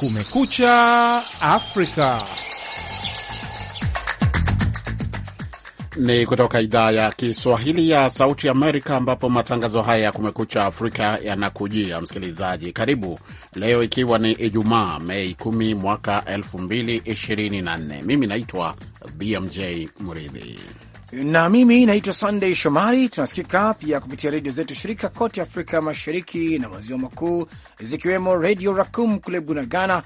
Kumekucha Afrika ni kutoka idhaa ya Kiswahili ya Sauti Amerika, ambapo matangazo haya ya Kumekucha Afrika yanakujia. Msikilizaji, karibu leo, ikiwa ni Ijumaa Mei 10 mwaka 2024. Mimi naitwa BMJ Muridhi na mimi naitwa Sunday Shomari. Tunasikika pia kupitia redio zetu shirika kote Afrika Mashariki na Maziwa Makuu, zikiwemo Redio Rakum kule Bunagana,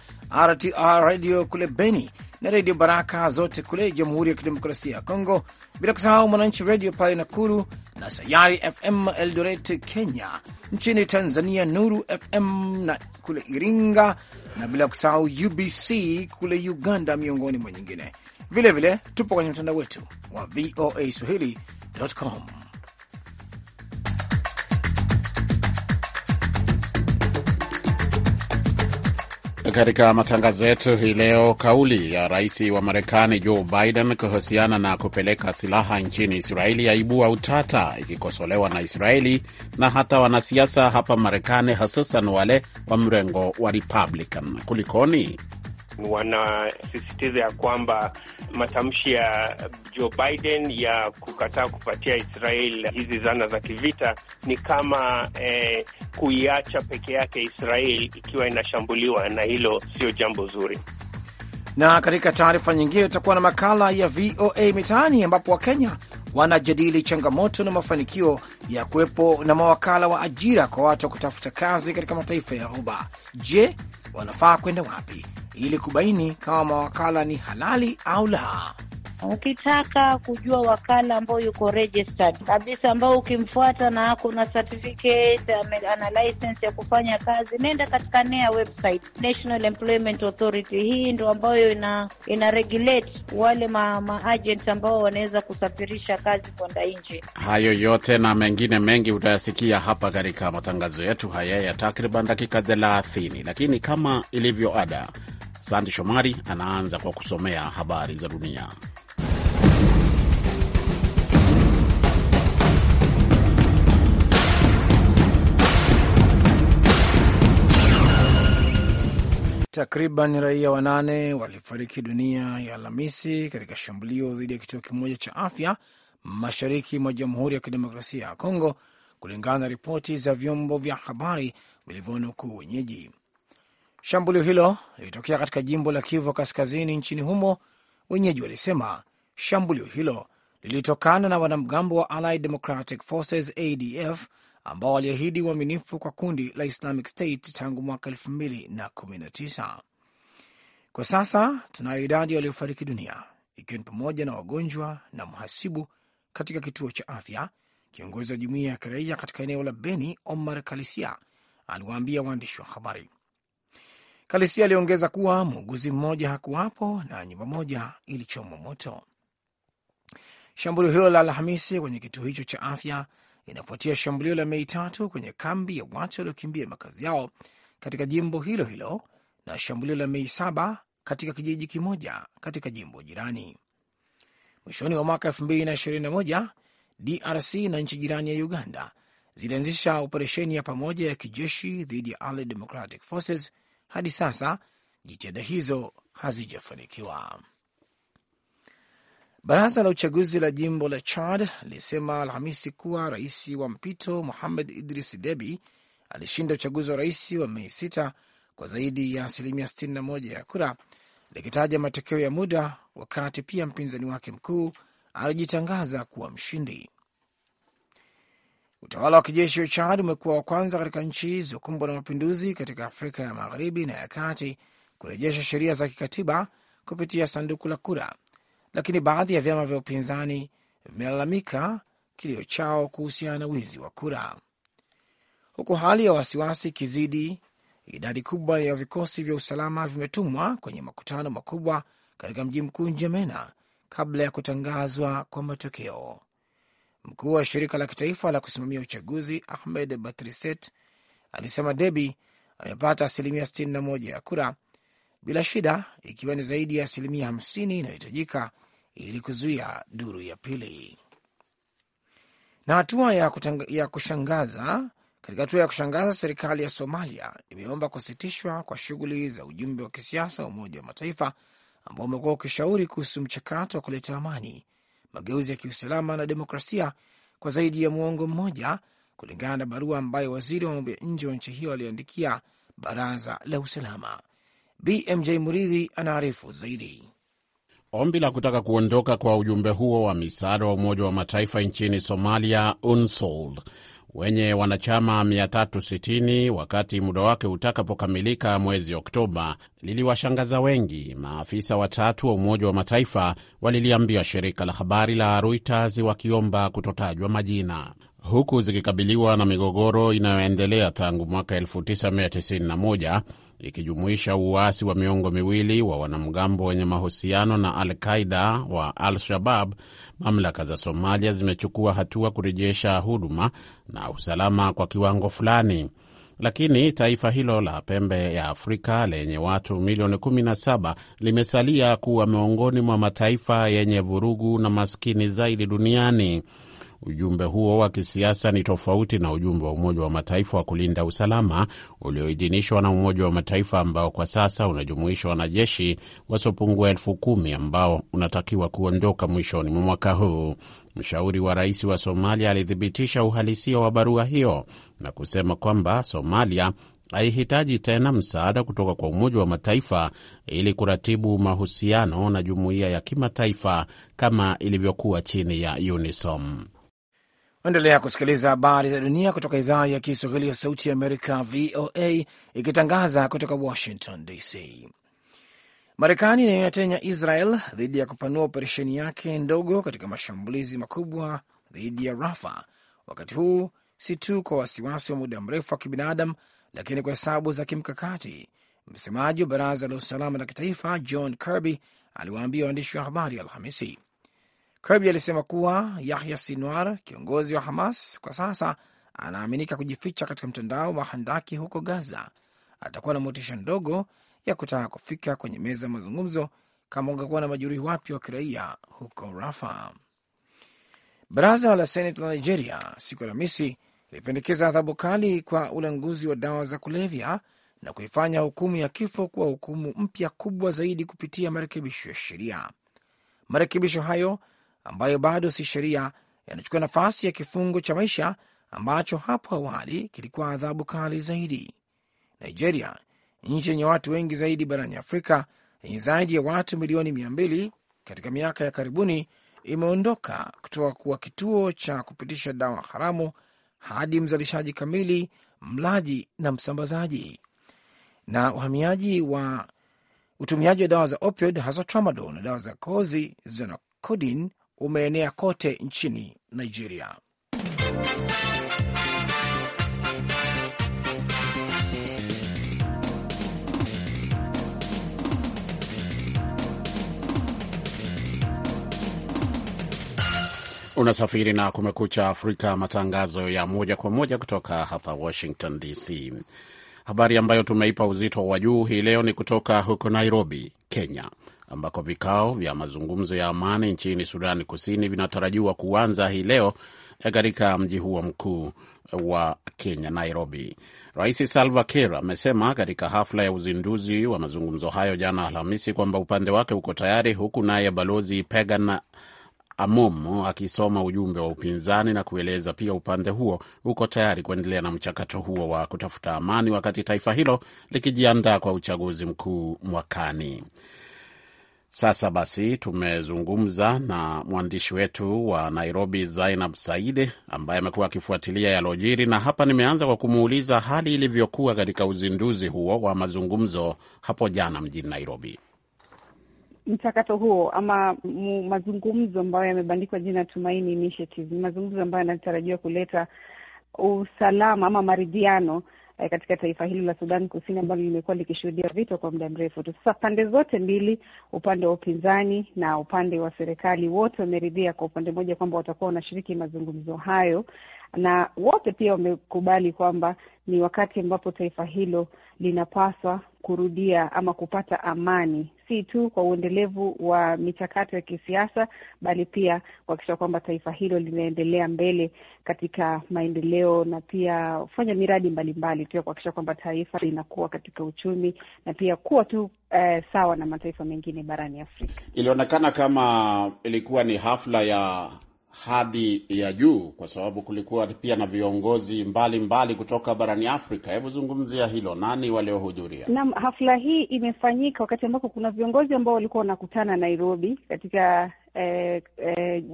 RTR Redio kule Beni na Redio Baraka zote kule Jamhuri ya Kidemokrasia ya Kongo, bila kusahau Mwananchi Redio pale Nakuru na Sayari FM Eldoret, Kenya. Nchini Tanzania, Nuru FM na kule Iringa, na bila kusahau UBC kule Uganda, miongoni mwa nyingine. Vilevile vile, tupo kwenye mtandao wetu wa VOA Swahili.com. Katika matangazo yetu hii leo, kauli ya rais wa Marekani Joe Biden kuhusiana na kupeleka silaha nchini Israeli yaibua utata, ikikosolewa na Israeli na hata wanasiasa hapa Marekani, hasusan wale wa mrengo wa Republican. Kulikoni? wanasisitiza ya kwamba matamshi ya Joe Biden ya kukataa kupatia Israel hizi zana za kivita ni kama eh, kuiacha peke yake Israel ikiwa inashambuliwa, na hilo sio jambo zuri. Na katika taarifa nyingine, tutakuwa na makala ya VOA Mitaani ambapo Wakenya wanajadili changamoto na mafanikio ya kuwepo na mawakala wa ajira kwa watu wa kutafuta kazi katika mataifa ya Ghuba. Je, wanafaa kwenda wapi ili kubaini kama mawakala ni halali au la. Ukitaka kujua wakala ambao yuko registered kabisa, ambao ukimfuata na ako na certificate, ana license ya kufanya kazi, nenda katika NEA website, National Employment Authority. Hii ndo ambayo ina, ina regulate wale ma, ma agents ambao wanaweza kusafirisha kazi kwenda nje. Hayo yote na mengine mengi utayasikia hapa katika matangazo yetu haya ya takriban dakika 30, lakini kama ilivyo ada, Sandi Shomari anaanza kwa kusomea habari za dunia. Takriban raia wanane walifariki dunia ya Alhamisi katika shambulio dhidi ya kituo kimoja cha afya mashariki mwa Jamhuri ya Kidemokrasia ya Kongo, kulingana na ripoti za vyombo vya habari vilivyonukuu wenyeji. Shambulio hilo lilitokea katika jimbo la Kivu Kaskazini nchini humo. Wenyeji walisema shambulio hilo lilitokana na wanamgambo wa Allied Democratic Forces, ADF, ambao waliahidi uaminifu kwa kundi la Islamic State tangu mwaka tisa. Kwa sasa tunayo idadi waliofariki dunia ikiwa ni pamoja na wagonjwa na mhasibu katika kituo cha afya. Kiongozi wa jumuiya ya kiraia katika eneo la Beni, Omar Kalisia, aliwaambia waandishi wa habari. Kalisia aliongeza kuwa muuguzi mmoja hakuwapo na nyumba moja ilichomwa moto. Shambulio hilo la Alhamisi kwenye kituo hicho cha afya inafuatia shambulio la Mei tatu kwenye kambi ya watu waliokimbia makazi yao katika jimbo hilo hilo na shambulio la Mei saba katika kijiji kimoja katika jimbo jirani. Mwishoni mwa mwaka 2021 DRC na nchi jirani ya Uganda zilianzisha operesheni ya pamoja ya kijeshi dhidi ya Allied Democratic Forces. Hadi sasa jitihada hizo hazijafanikiwa. Baraza la uchaguzi la jimbo la Chad lilisema Alhamisi kuwa rais wa mpito Muhamed Idris debi alishinda uchaguzi wa rais wa Mei 6 kwa zaidi ya asilimia 61 ya kura, likitaja matokeo ya muda, wakati pia mpinzani wake mkuu alijitangaza kuwa mshindi. Utawala wa kijeshi wa Chad umekuwa wa kwanza katika nchi zilizokumbwa na mapinduzi katika Afrika ya magharibi na ya kati kurejesha sheria za kikatiba kupitia sanduku la kura lakini baadhi ya vyama vya upinzani vimelalamika kilio chao kuhusiana na wizi wa kura. Huku hali ya wasiwasi ikizidi, idadi kubwa ya vikosi vya usalama vimetumwa kwenye makutano makubwa katika mji mkuu Njemena kabla ya kutangazwa kwa matokeo. Mkuu wa shirika la kitaifa la kusimamia uchaguzi Ahmed Batriset alisema Debi amepata asilimia 61 ya kura bila shida, ikiwa ni zaidi ya asilimia 50 inayohitajika ili kuzuia duru ya pili. Na hatua ya, ya kushangaza katika hatua ya kushangaza, serikali ya Somalia imeomba kusitishwa kwa shughuli za ujumbe wa kisiasa wa Umoja wa Mataifa ambao umekuwa ukishauri kuhusu mchakato wa kuleta amani, mageuzi ya kiusalama na demokrasia kwa zaidi ya muongo mmoja, kulingana na barua ambayo waziri wa mambo ya nje wa nchi hiyo aliandikia baraza la usalama. BMJ Muridhi anaarifu zaidi. Ombi la kutaka kuondoka kwa ujumbe huo wa misaada wa Umoja wa Mataifa nchini Somalia, UNSOL, wenye wanachama 360 wakati muda wake utakapokamilika mwezi Oktoba, liliwashangaza wengi. Maafisa watatu wa Umoja wa Mataifa waliliambia shirika la habari la Reuters wakiomba kutotajwa majina huku zikikabiliwa na migogoro inayoendelea tangu mwaka 1991 ikijumuisha uasi wa miongo miwili wa wanamgambo wenye mahusiano na Al-Qaida wa Al-Shabab, mamlaka za Somalia zimechukua hatua kurejesha huduma na usalama kwa kiwango fulani, lakini taifa hilo la pembe ya Afrika lenye watu milioni 17 limesalia kuwa miongoni mwa mataifa yenye vurugu na maskini zaidi duniani. Ujumbe huo wa kisiasa ni tofauti na ujumbe wa Umoja wa Mataifa wa kulinda usalama ulioidhinishwa na Umoja wa Mataifa ambao kwa sasa unajumuisha wanajeshi wasiopungua elfu kumi ambao unatakiwa kuondoka mwishoni mwa mwaka huu. Mshauri wa rais wa Somalia alithibitisha uhalisia wa barua hiyo na kusema kwamba Somalia haihitaji tena msaada kutoka kwa Umoja wa Mataifa ili kuratibu mahusiano na jumuiya ya kimataifa kama ilivyokuwa chini ya UNISOM. Endelea kusikiliza habari za dunia kutoka idhaa ya Kiswahili ya Sauti ya Amerika, VOA, ikitangaza kutoka Washington DC. Marekani inayoyatenya Israel dhidi ya kupanua operesheni yake ndogo katika mashambulizi makubwa dhidi ya Rafa, wakati huu si tu kwa wasiwasi wa muda mrefu wa kibinadam lakini kwa hesabu za kimkakati. Msemaji wa Baraza la Usalama la Kitaifa John Kirby aliwaambia waandishi wa habari Alhamisi Kirby alisema kuwa Yahya Sinwar, kiongozi wa Hamas, kwa sasa anaaminika kujificha katika mtandao wa handaki huko Gaza, atakuwa na motisha ndogo ya kutaka kufika kwenye meza ya mazungumzo kama ungekuwa na majeruhi wapya wa kiraia huko Rafa. Baraza la senat la Nigeria siku ya Alhamisi lilipendekeza adhabu kali kwa ulanguzi wa dawa za kulevya na kuifanya hukumu ya kifo kuwa hukumu mpya kubwa zaidi kupitia marekebisho ya sheria. Marekebisho hayo ambayo bado si sheria yanachukua nafasi ya kifungo cha maisha ambacho hapo awali kilikuwa adhabu kali zaidi. Nigeria, nchi yenye watu wengi zaidi barani Afrika, yenye zaidi ya watu milioni mia mbili, katika miaka ya karibuni imeondoka kutoka kuwa kituo cha kupitisha dawa haramu hadi mzalishaji kamili, mlaji na msambazaji. Na uhamiaji wa utumiaji wa dawa za opioid, hasa tramadol na dawa za kozi zona umeenea kote nchini Nigeria. Unasafiri na Kumekucha Afrika, matangazo ya moja kwa moja kutoka hapa Washington DC. Habari ambayo tumeipa uzito wa juu hii leo ni kutoka huko Nairobi, Kenya ambako vikao vya mazungumzo ya amani nchini Sudani Kusini vinatarajiwa kuanza hii leo katika mji huo mkuu wa Kenya, Nairobi. Rais Salva Kiir amesema katika hafla ya uzinduzi wa mazungumzo hayo jana Alhamisi kwamba upande wake uko tayari, huku naye balozi pegan Amom akisoma ujumbe wa upinzani na kueleza pia upande huo uko tayari kuendelea na mchakato huo wa kutafuta amani wakati taifa hilo likijiandaa kwa uchaguzi mkuu mwakani. Sasa basi, tumezungumza na mwandishi wetu wa Nairobi, Zainab saidi ambaye amekuwa akifuatilia yalojiri, na hapa nimeanza kwa kumuuliza hali ilivyokuwa katika uzinduzi huo wa mazungumzo hapo jana mjini Nairobi. Mchakato huo ama mazungumzo ambayo yamebandikwa jina Tumaini Initiative mazungumzo ambayo yanatarajiwa kuleta usalama ama maridhiano eh, katika taifa hili la Sudan Kusini ambalo limekuwa likishuhudia vita kwa muda mrefu tu. Sasa pande zote mbili, upande wa upinzani na upande wa serikali, wote wameridhia kwa upande mmoja kwamba watakuwa wanashiriki mazungumzo hayo, na wote pia wamekubali kwamba ni wakati ambapo taifa hilo linapaswa kurudia ama kupata amani si tu kwa uendelevu wa michakato ya kisiasa, bali pia kuhakikisha kwamba taifa hilo linaendelea mbele katika maendeleo na pia kufanya miradi mbalimbali tu ya kuhakikisha kwamba taifa linakuwa katika uchumi na pia kuwa tu eh, sawa na mataifa mengine barani Afrika. Ilionekana kama ilikuwa ni hafla ya hadhi ya juu, kwa sababu kulikuwa pia na viongozi mbalimbali mbali kutoka barani Afrika. Hebu zungumzia hilo, nani waliohudhuria? Naam, hafla hii imefanyika wakati ambapo kuna viongozi ambao walikuwa wanakutana Nairobi katika eh, eh,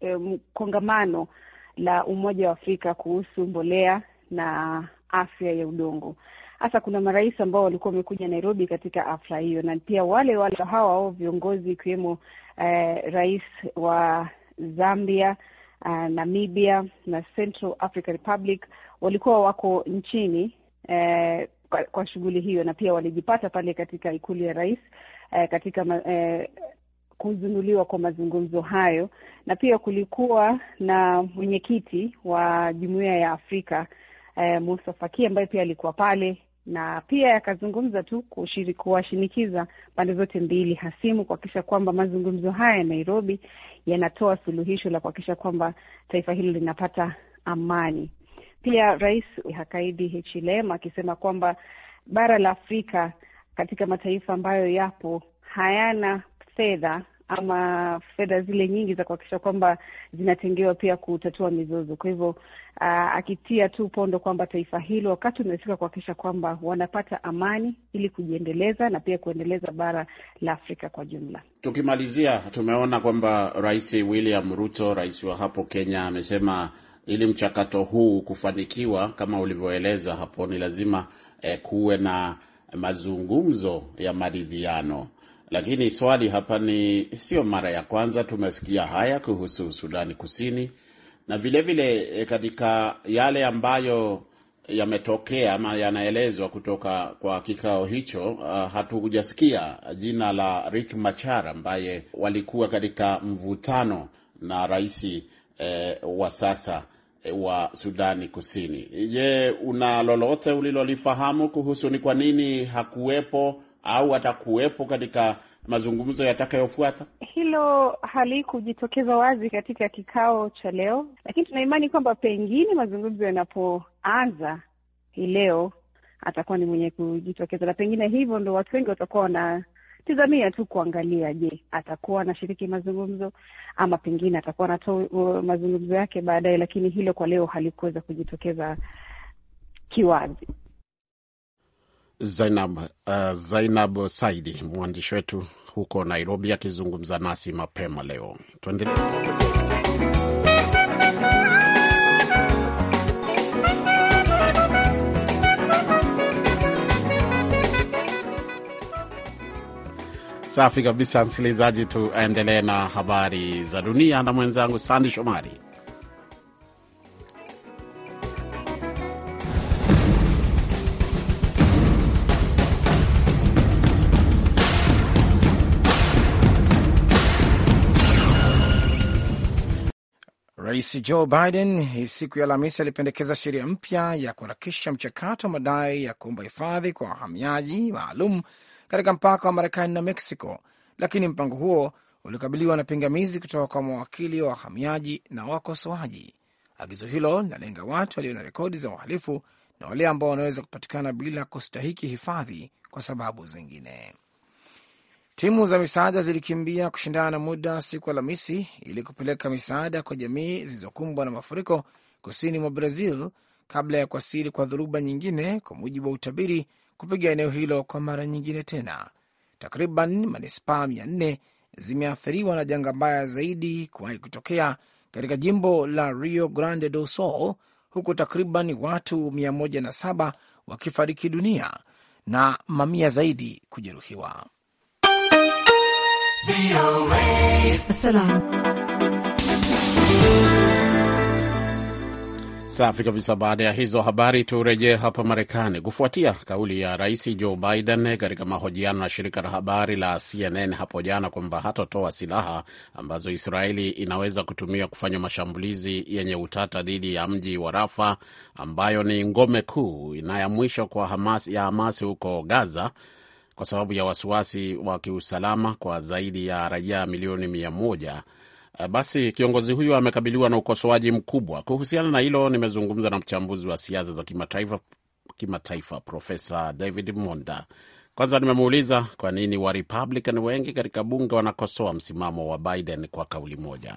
eh, kongamano la Umoja wa Afrika kuhusu mbolea na afya ya udongo. Hasa kuna marais ambao walikuwa wamekuja Nairobi katika hafla hiyo, na pia wale wale hawa au viongozi ikiwemo eh, rais wa Zambia, uh, Namibia na Central African Republic walikuwa wako nchini eh, kwa, kwa shughuli hiyo, na pia walijipata pale katika ikulu ya rais eh, katika eh, kuzinduliwa kwa mazungumzo hayo, na pia kulikuwa na mwenyekiti wa jumuiya ya Afrika eh, Musa Faki ambaye pia alikuwa pale na pia yakazungumza tu kuwashinikiza pande zote mbili hasimu kuhakikisha kwamba mazungumzo haya ya Nairobi yanatoa suluhisho la kuhakikisha kwamba taifa hilo linapata amani. Pia rais hakaidi Hichilema akisema kwamba bara la Afrika katika mataifa ambayo yapo hayana fedha ama fedha zile nyingi za kuhakikisha kwamba zinatengewa pia kutatua mizozo. Kwa hivyo uh, akitia tu pondo kwamba taifa hilo wakati umefika kuhakikisha kwamba wanapata amani ili kujiendeleza na pia kuendeleza bara la Afrika kwa jumla. Tukimalizia, tumeona kwamba Rais William Ruto, rais wa hapo Kenya, amesema ili mchakato huu kufanikiwa kama ulivyoeleza hapo, ni lazima eh, kuwe na mazungumzo ya maridhiano. Lakini swali hapa ni sio mara ya kwanza tumesikia haya kuhusu Sudani Kusini na vilevile vile eh, katika yale ambayo yametokea ama yanaelezwa kutoka kwa kikao hicho. Uh, ah, hatukujasikia jina la rik Machar ambaye walikuwa katika mvutano na rais eh, wa sasa eh, wa Sudani Kusini. Je, una lolote ulilolifahamu kuhusu ni kwa nini hakuwepo au atakuwepo katika mazungumzo yatakayofuata? Hilo halikujitokeza wazi katika kikao cha leo, lakini tunaimani kwamba pengine mazungumzo yanapoanza hii leo atakuwa ni mwenye kujitokeza, na pengine hivyo ndo watu wengi watakuwa wanatizamia tu kuangalia, je, atakuwa anashiriki mazungumzo ama pengine atakuwa anatoa mazungumzo yake baadaye, lakini hilo kwa leo halikuweza kujitokeza kiwazi. Zainab, uh, Zainab Saidi, mwandishi wetu huko Nairobi, akizungumza nasi mapema leo. Tuendelee. Safi kabisa, msikilizaji, tuendelee na habari za dunia na mwenzangu Sandi Shomari. Rais Joe Biden hii siku ya Alhamisi alipendekeza sheria mpya ya kuharakisha mchakato wa madai ya kuomba hifadhi kwa wahamiaji maalum katika mpaka wa Marekani na Mexico, lakini mpango huo ulikabiliwa na pingamizi kutoka kwa mawakili wa wahamiaji na wakosoaji. Agizo hilo linalenga watu walio na rekodi za uhalifu na wale ambao wanaweza kupatikana bila kustahiki hifadhi kwa sababu zingine. Timu za misaada zilikimbia kushindana na muda siku Alhamisi ili kupeleka misaada kwa jamii zilizokumbwa na mafuriko kusini mwa Brazil kabla ya kuasili kwa dhuruba nyingine, kwa mujibu wa utabiri kupiga eneo hilo kwa mara nyingine tena. Takriban manispaa mia nne zimeathiriwa na janga mbaya zaidi kuwahi kutokea katika jimbo la Rio Grande do Sul, huku takriban watu 107 wakifariki dunia na mamia zaidi kujeruhiwa. Assalam. Safi kabisa. Baada ya hizo habari, turejee hapa Marekani. Kufuatia kauli ya Rais Joe Biden katika mahojiano na shirika la habari la CNN hapo jana kwamba hatatoa silaha ambazo Israeli inaweza kutumia kufanya mashambulizi yenye utata dhidi ya mji wa Rafa, ambayo ni ngome kuu inayamwisho kwa Hamas, ya Hamas huko Gaza kwa sababu ya wasiwasi wa kiusalama kwa zaidi ya raia milioni mia moja. Eh, basi kiongozi huyu amekabiliwa na ukosoaji mkubwa. Kuhusiana na hilo, nimezungumza na mchambuzi wa siasa za kimataifa kimataifa Profesa David Monda. Kwanza nimemuuliza kwa nini wa Republican wengi katika bunge wanakosoa msimamo wa Biden kwa kauli moja.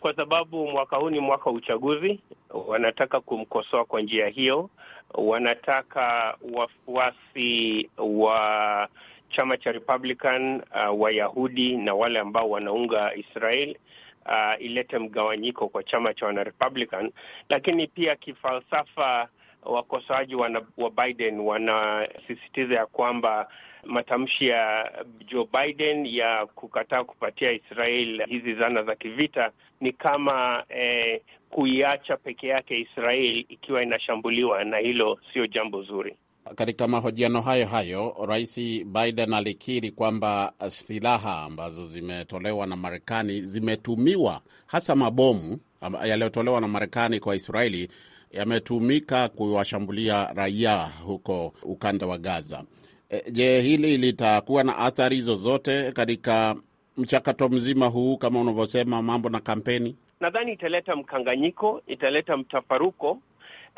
Kwa sababu mwaka huu ni mwaka wa uchaguzi, wanataka kumkosoa kwa njia hiyo, wanataka wafuasi wa chama cha Republican uh, Wayahudi na wale ambao wanaunga Israel uh, ilete mgawanyiko kwa chama cha wana Republican, lakini pia kifalsafa wakosoaji wa Biden wanasisitiza ya kwamba matamshi ya Joe Biden ya kukataa kupatia Israel hizi zana za kivita ni kama eh, kuiacha peke yake Israel ikiwa inashambuliwa, na hilo sio jambo zuri. Katika mahojiano hayo hayo, Rais Biden alikiri kwamba silaha ambazo zimetolewa na Marekani zimetumiwa, hasa mabomu yaliyotolewa na Marekani kwa Israeli yametumika kuwashambulia raia huko ukanda wa Gaza. Eh, je, hili litakuwa na athari zozote katika mchakato mzima huu, kama unavyosema mambo na kampeni? Nadhani italeta mkanganyiko, italeta mtafaruko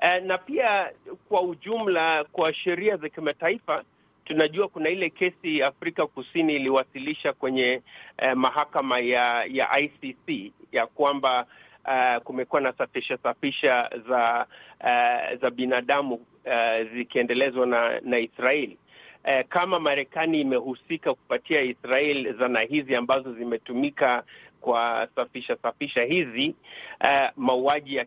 eh, na pia kwa ujumla, kwa sheria za kimataifa tunajua kuna ile kesi Afrika Kusini iliwasilisha kwenye eh, mahakama ya ya ICC ya kwamba Uh, kumekuwa na safisha safisha za uh, za binadamu uh, zikiendelezwa na na Israeli eh, kama Marekani imehusika kupatia Israel zana hizi ambazo zimetumika kwa safisha safisha hizi eh, mauaji ya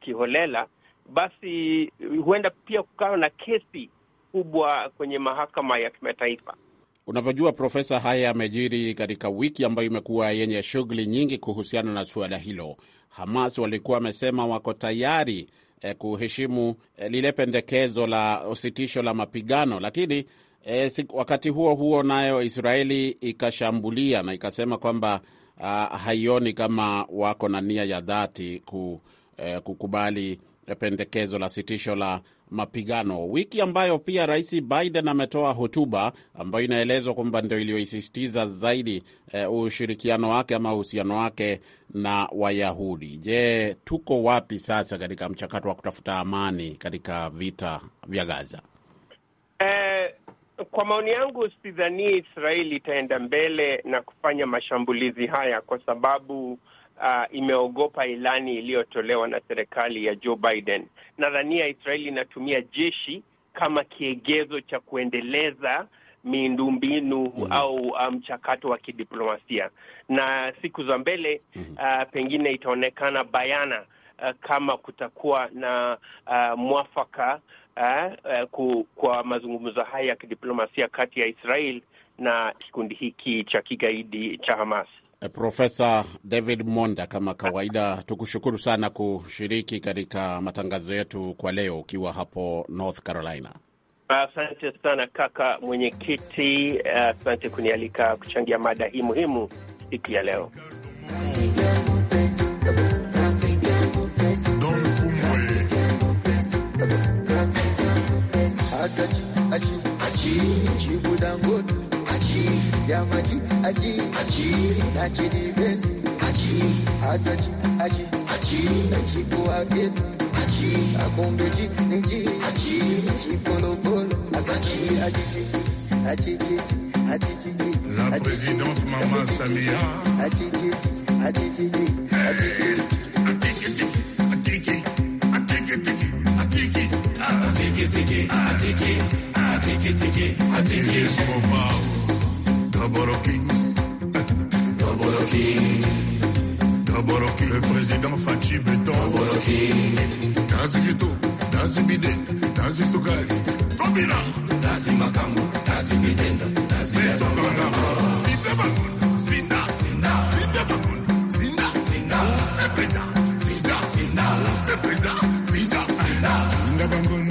kiholela, basi huenda pia kukawa na kesi kubwa kwenye mahakama ya kimataifa. Unavyojua Profesa, haya yamejiri katika wiki ambayo imekuwa yenye shughuli nyingi kuhusiana na suala hilo. Hamas walikuwa wamesema wako tayari eh, kuheshimu eh, lile pendekezo la usitisho la mapigano, lakini E, wakati huo huo nayo Israeli ikashambulia na ikasema kwamba uh, haioni kama wako na nia ya dhati ku, eh, kukubali pendekezo la sitisho la mapigano, wiki ambayo pia Rais Biden ametoa hotuba ambayo inaelezwa kwamba ndio iliyoisisitiza zaidi eh, ushirikiano wake ama uhusiano wake na Wayahudi. Je, tuko wapi sasa katika mchakato wa kutafuta amani katika vita vya Gaza? Eh, kwa maoni yangu, sidhanii Israeli itaenda mbele na kufanya mashambulizi haya kwa sababu Uh, imeogopa ilani iliyotolewa na serikali ya Joe Biden. Nadhania Israeli inatumia jeshi kama kiegezo cha kuendeleza miundombinu mm. au uh, mchakato um, wa kidiplomasia, na siku za mbele mm-hmm. uh, pengine itaonekana bayana uh, kama kutakuwa na uh, mwafaka eh, ku, kwa mazungumzo haya ya kidiplomasia kati ya Israel na kikundi hiki cha kigaidi cha Hamas. Eh, Profesa David Monda, kama kawaida, tukushukuru sana kushiriki katika matangazo yetu kwa leo ukiwa hapo North Carolina. Asante sana kaka mwenyekiti, eh, asante kunialika kuchangia mada hii muhimu siku ya leo. aji aji La présidente Maman Samia Tiki tiki, take tiki, I take it. Yes, mama. king. D'abord king. D'abord king. Le président Fachi Beton. D'abord king. Dazi Gito, Dazi Biden, Dazi Sukari. Kobina. Dazi Makamu, Dazi Biden, Dazi Tokanga. Sita Bakun, Sinda, zina, zina, Bakun, zina, zina, Sepeta, Sinda, Sinda, Sepeta, Sinda, Sinda, Sinda Bakun.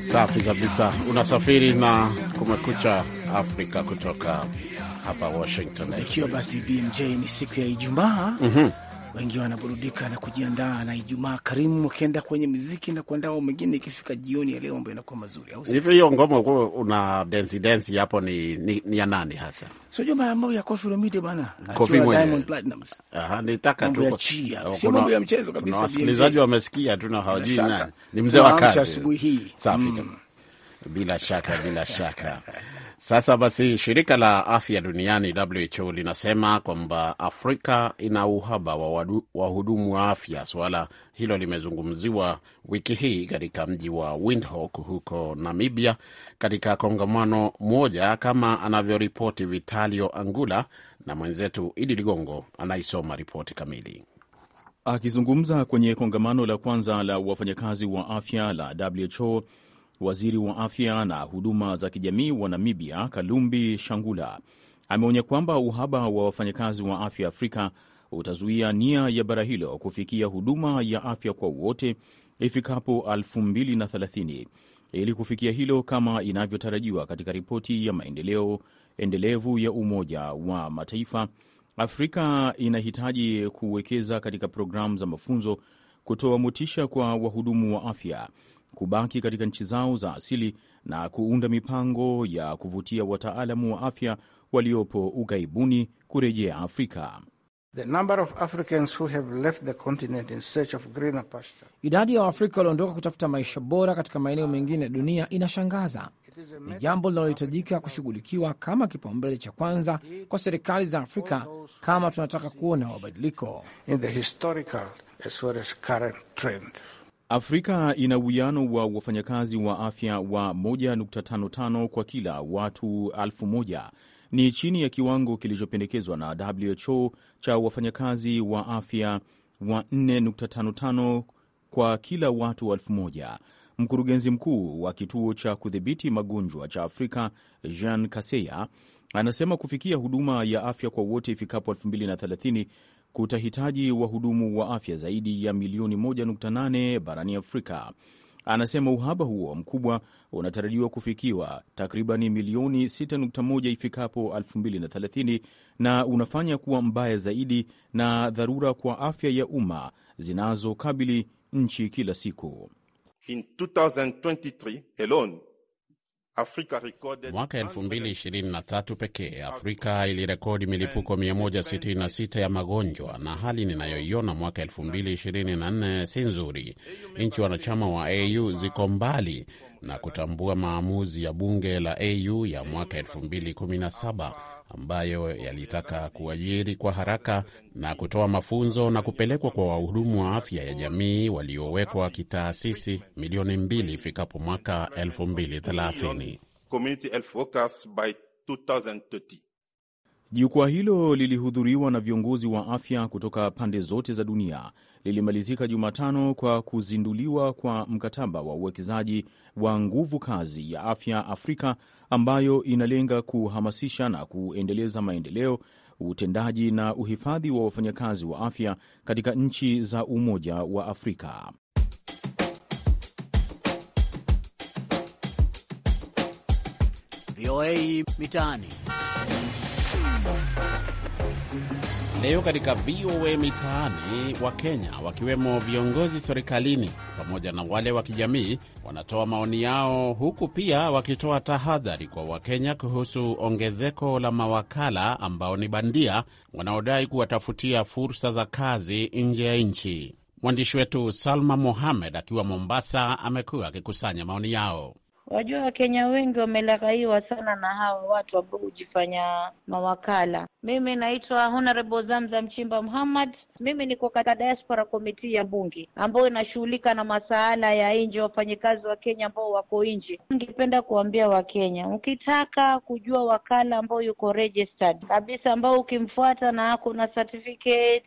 Safi kabisa, unasafiri na Kumekucha Afrika kutoka hapa Washington. Ikiwa basi BMJ ni siku ya Ijumaa mm -hmm wengi wanaburudika na kujiandaa na Ijumaa karimu, wakienda kwenye muziki na kuandaa wao mengine. Ikifika jioni ya leo, mambo yanakuwa mazuri, au hivyo? Hiyo ngoma kwa una densi densi hapo ni, ni, ni ya nani hasa? Sio jumba mambo ya Koffi Olomide bana, Koffi Diamond Platnumz. Aha, nitaka tu kwa chia, sio mambo ya mchezo kabisa. Wasikilizaji wamesikia tu na hawajui nani ni mzee wa kazi asubuhi hii. Safi, mm. bila shaka bila shaka Sasa basi, shirika la afya duniani WHO linasema kwamba Afrika ina uhaba wa wahudumu wa afya. Suala hilo limezungumziwa wiki hii katika mji wa Windhoek huko Namibia, katika kongamano moja, kama anavyoripoti Vitalio Angula, na mwenzetu Idi Ligongo anaisoma ripoti kamili. Akizungumza kwenye kongamano la kwanza la wafanyakazi wa afya la WHO Waziri wa afya na huduma za kijamii wa Namibia, Kalumbi Shangula, ameonya kwamba uhaba wa wafanyakazi wa afya Afrika utazuia nia ya bara hilo kufikia huduma ya afya kwa wote ifikapo 2030. Ili kufikia hilo, kama inavyotarajiwa katika ripoti ya maendeleo endelevu ya Umoja wa Mataifa, Afrika inahitaji kuwekeza katika programu za mafunzo, kutoa motisha kwa wahudumu wa afya kubaki katika nchi zao za asili na kuunda mipango ya kuvutia wataalamu wa afya waliopo ughaibuni kurejea Afrika. Idadi ya Waafrika walioondoka kutafuta maisha bora katika maeneo mengine ya dunia inashangaza. Ni jambo linalohitajika kushughulikiwa kama kipaumbele cha kwanza kwa serikali za Afrika kama tunataka kuona mabadiliko in the historical as well as current trend. Afrika ina uwiano wa wafanyakazi wa afya wa 1.55 kwa kila watu elfu Ni chini ya kiwango kilichopendekezwa na WHO cha wafanyakazi wa afya wa 4.55 kwa kila watu elfu Mkurugenzi mkuu wa kituo cha kudhibiti magonjwa cha Afrika Jean Kaseya anasema kufikia huduma ya afya kwa wote ifikapo 2030 kutahitaji wahudumu wa afya zaidi ya milioni 1.8 barani Afrika. Anasema uhaba huo mkubwa unatarajiwa kufikiwa takribani milioni 6.1 ifikapo 2030 na unafanya kuwa mbaya zaidi na dharura kwa afya ya umma zinazokabili nchi kila siku. In 2023 alone Mwaka 2023 pekee Afrika ilirekodi milipuko 166 ya magonjwa, na hali ninayoiona mwaka 2024 si nzuri. Nchi wanachama wa AU ziko mbali na kutambua maamuzi ya bunge la AU ya mwaka 2017 ambayo yalitaka kuajiri kwa haraka na kutoa mafunzo na kupelekwa kwa wahudumu wa afya ya jamii waliowekwa kitaasisi milioni mbili ifikapo mwaka 2030. Jukwaa hilo lilihudhuriwa na viongozi wa afya kutoka pande zote za dunia lilimalizika Jumatano kwa kuzinduliwa kwa mkataba wa uwekezaji wa nguvu kazi ya afya Afrika ambayo inalenga kuhamasisha na kuendeleza maendeleo, utendaji na uhifadhi wa wafanyakazi wa afya katika nchi za Umoja wa Afrika. VOA Mitaani. Leo katika VOA Mitaani, Wakenya wakiwemo viongozi serikalini pamoja na wale wa kijamii wanatoa maoni yao, huku pia wakitoa tahadhari kwa Wakenya kuhusu ongezeko la mawakala ambao ni bandia wanaodai kuwatafutia fursa za kazi nje ya nchi. Mwandishi wetu Salma Mohamed akiwa Mombasa amekuwa akikusanya maoni yao. Wajua Wakenya wengi wamelaghaiwa sana na hawa watu ambao hujifanya mawakala. Mimi naitwa Honorable Zamza Mchimba Muhammad, mimi niko katika diaspora committee ya Bunge ambayo inashughulika na masuala ya nje, wafanyikazi wa Kenya ambao wako nje. Ningependa kuambia Wakenya, ukitaka kujua wakala ambao yuko registered kabisa, ambao ukimfuata na ako na certificate,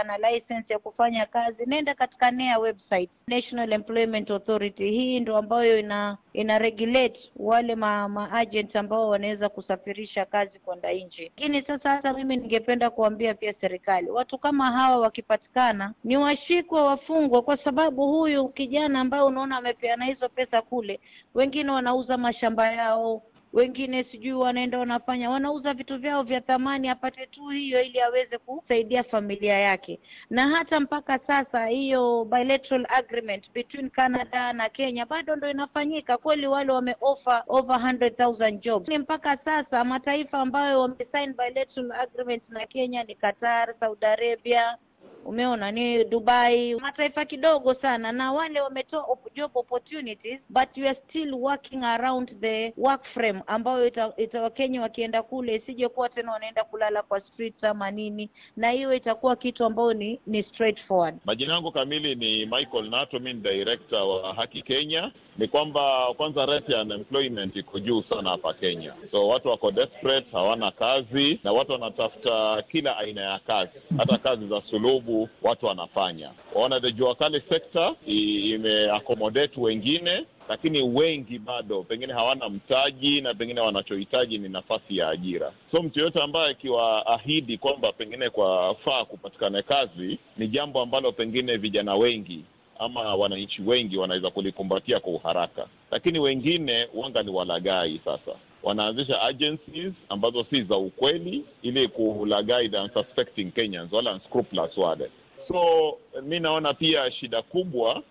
ana license ya kufanya kazi, nenda katika NEA website, National Employment Authority. Hii ndo ambayo ina ina regulate wale ma, ma agent ambao wanaweza kusafirisha kazi kwenda nje. Lakini sasa hata mimi ningependa kuambia pia serikali, watu kama hawa hao wakipatikana ni washikwa wafungwa, kwa sababu huyu kijana ambao unaona amepeana hizo pesa kule, wengine wanauza mashamba yao, wengine sijui wanaenda wanafanya wanauza vitu vyao vya thamani, apate tu hiyo ili aweze kusaidia familia yake. Na hata mpaka sasa hiyo bilateral agreement between Canada na Kenya bado ndo inafanyika kweli. Wale wame offer over 100,000 jobs ni mpaka sasa. Mataifa ambayo wamesign bilateral agreement na Kenya ni Qatar, Saudi Arabia, Umeona ni Dubai, mataifa kidogo sana, na wale wametoa job opportunities but we are still working around the work frame ambayo ita, ita wakienda kule isije kuwa tena wanaenda kulala kwa streets ama nini, na hiyo itakuwa kitu ambayo ni, ni straightforward. Majina yangu kamili ni Michael Nato, mi ni director wa Haki Kenya. Ni kwamba kwanza rate ya unemployment iko juu sana hapa Kenya, so watu wako desperate, hawana kazi na watu wanatafuta kila aina ya kazi, hata kazi za sulubu watu wanafanya waona, the jua kali sekta imeakomodate wengine, lakini wengi bado pengine hawana mtaji na pengine wanachohitaji ni nafasi ya ajira. So mtu yoyote ambaye akiwaahidi kwamba pengine kwa faa kupatikana kazi, ni jambo ambalo pengine vijana wengi ama wananchi wengi wanaweza kulikumbatia kwa uharaka, lakini wengine wanga ni walagai. Sasa wanaanzisha agencies ambazo si za ukweli ili kulagai the unsuspecting Kenyans, wala unscrupulous wale. So mi naona pia shida kubwa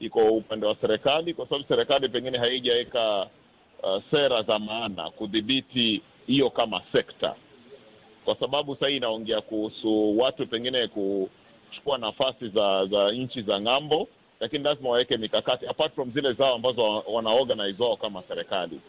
iko upande wa serikali, kwa sababu serikali pengine haijaweka uh, sera za maana kudhibiti hiyo kama sekta, kwa sababu sahii inaongea kuhusu watu pengine ku kuchukua nafasi za za nchi za ng'ambo, lakini lazima waweke mikakati apart from zile zao ambazo wana wao kama serikali.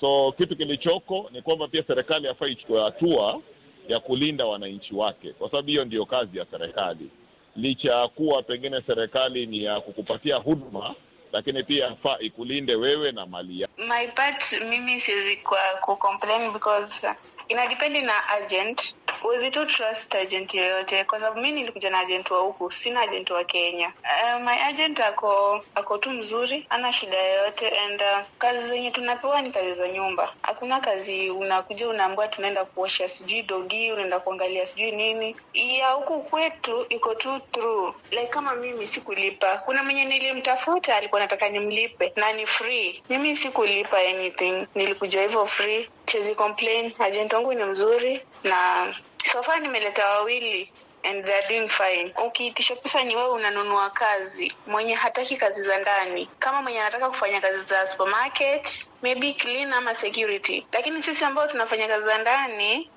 So kitu kilichoko ni kwamba pia serikali afai ichukue hatua ya kulinda wananchi wake, kwa sababu hiyo ndiyo kazi ya serikali. Licha ya kuwa pengine serikali ni ya kukupatia huduma lakini pia yafaa ikulinde wewe na mali yako. My part mimi siwezi kwa ku complain because ina depend na agent Huwezi tu trust agent yoyote, kwa sababu mi nilikuja na agent wa huku, sina agent wa Kenya. Uh, my agent ako ako tu mzuri, ana shida yoyote and uh, kazi zenye tunapewa ni kazi za nyumba. Hakuna kazi unakuja unaambua tunaenda kuosha sijui dogi, unaenda kuangalia sijui nini. Ya huku kwetu iko tu through, like kama mimi sikulipa, kuna mwenye nilimtafuta alikuwa nataka nimlipe na ni free, mimi sikulipa anything, nilikuja hivyo free siwezi complain. Agent wangu ni mzuri na sofa nimeleta wawili and they are doing fine. Ukiitisha pesa ni wewe unanunua kazi, mwenye hataki kazi za ndani. Kama mwenye anataka kufanya kazi za supermarket, maybe clean ama security, lakini sisi ambao tunafanya kazi za ndani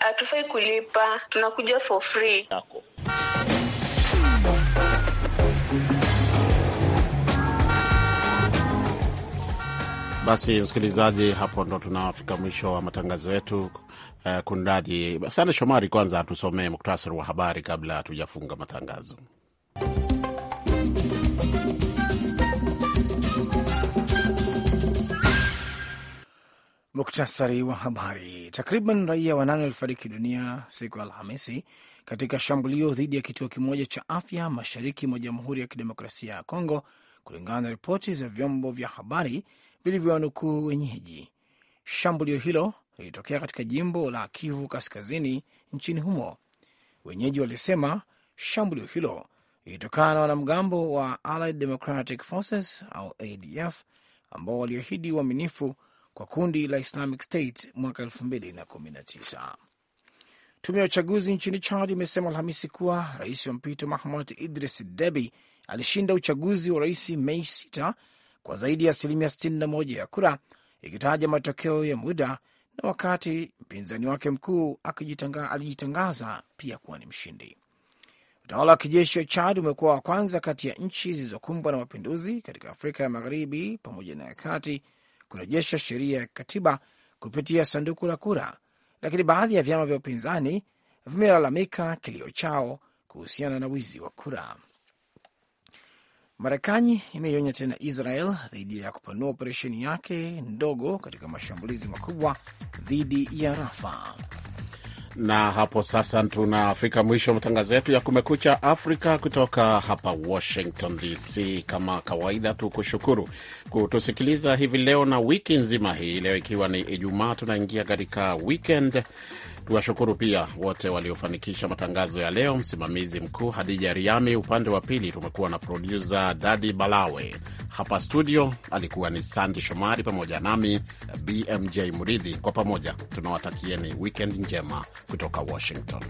hatufai kulipa, tunakuja for free. Tako. Basi msikilizaji, hapo ndo tunafika mwisho wa matangazo yetu. Uh, kundaji Sande Shomari kwanza tusomee muktasari wa habari kabla hatujafunga matangazo. Muktasari wa habari. Takriban raia wanane walifariki dunia siku ya Alhamisi katika shambulio dhidi ya kituo kimoja cha afya mashariki mwa Jamhuri ya Kidemokrasia ya Kongo, kulingana na ripoti za vyombo vya habari vilivyowanukuu wenyeji. Shambulio hilo lilitokea katika jimbo la Kivu Kaskazini nchini humo. Wenyeji walisema shambulio hilo lilitokana na wanamgambo wa Allied Democratic Forces au ADF ambao walioahidi uaminifu kwa kundi la Islamic State mwaka 2019. Tume ya uchaguzi nchini Chad imesema Alhamisi kuwa rais wa mpito Mahmud Idris Debi alishinda uchaguzi wa rais Mei 6 kwa zaidi ya asilimia 61 ya kura, ikitaja matokeo ya muda na wakati mpinzani wake mkuu alijitangaza pia kuwa ni mshindi. Utawala wa kijeshi wa Chad umekuwa wa kwanza kati ya nchi zilizokumbwa na mapinduzi katika Afrika ya Magharibi pamoja na ya kati kurejesha sheria ya katiba kupitia sanduku la kura, lakini baadhi ya vyama vya upinzani vimelalamika kilio chao kuhusiana na wizi wa kura. Marekani imeionya tena Israel dhidi ya kupanua operesheni yake ndogo katika mashambulizi makubwa dhidi ya Rafa. Na hapo sasa tunafika mwisho wa matangazo yetu ya Kumekucha Afrika kutoka hapa Washington DC. Kama kawaida, tukushukuru kutusikiliza hivi leo na wiki nzima hii. Leo ikiwa ni Ijumaa, tunaingia katika weekend Tuwashukuru pia wote waliofanikisha matangazo ya leo, msimamizi mkuu Hadija Riami, upande wa pili tumekuwa na produsa Dadi Balawe, hapa studio alikuwa ni Sandi Shomari pamoja nami BMJ Muridhi. Kwa pamoja tunawatakieni wikend njema kutoka Washington.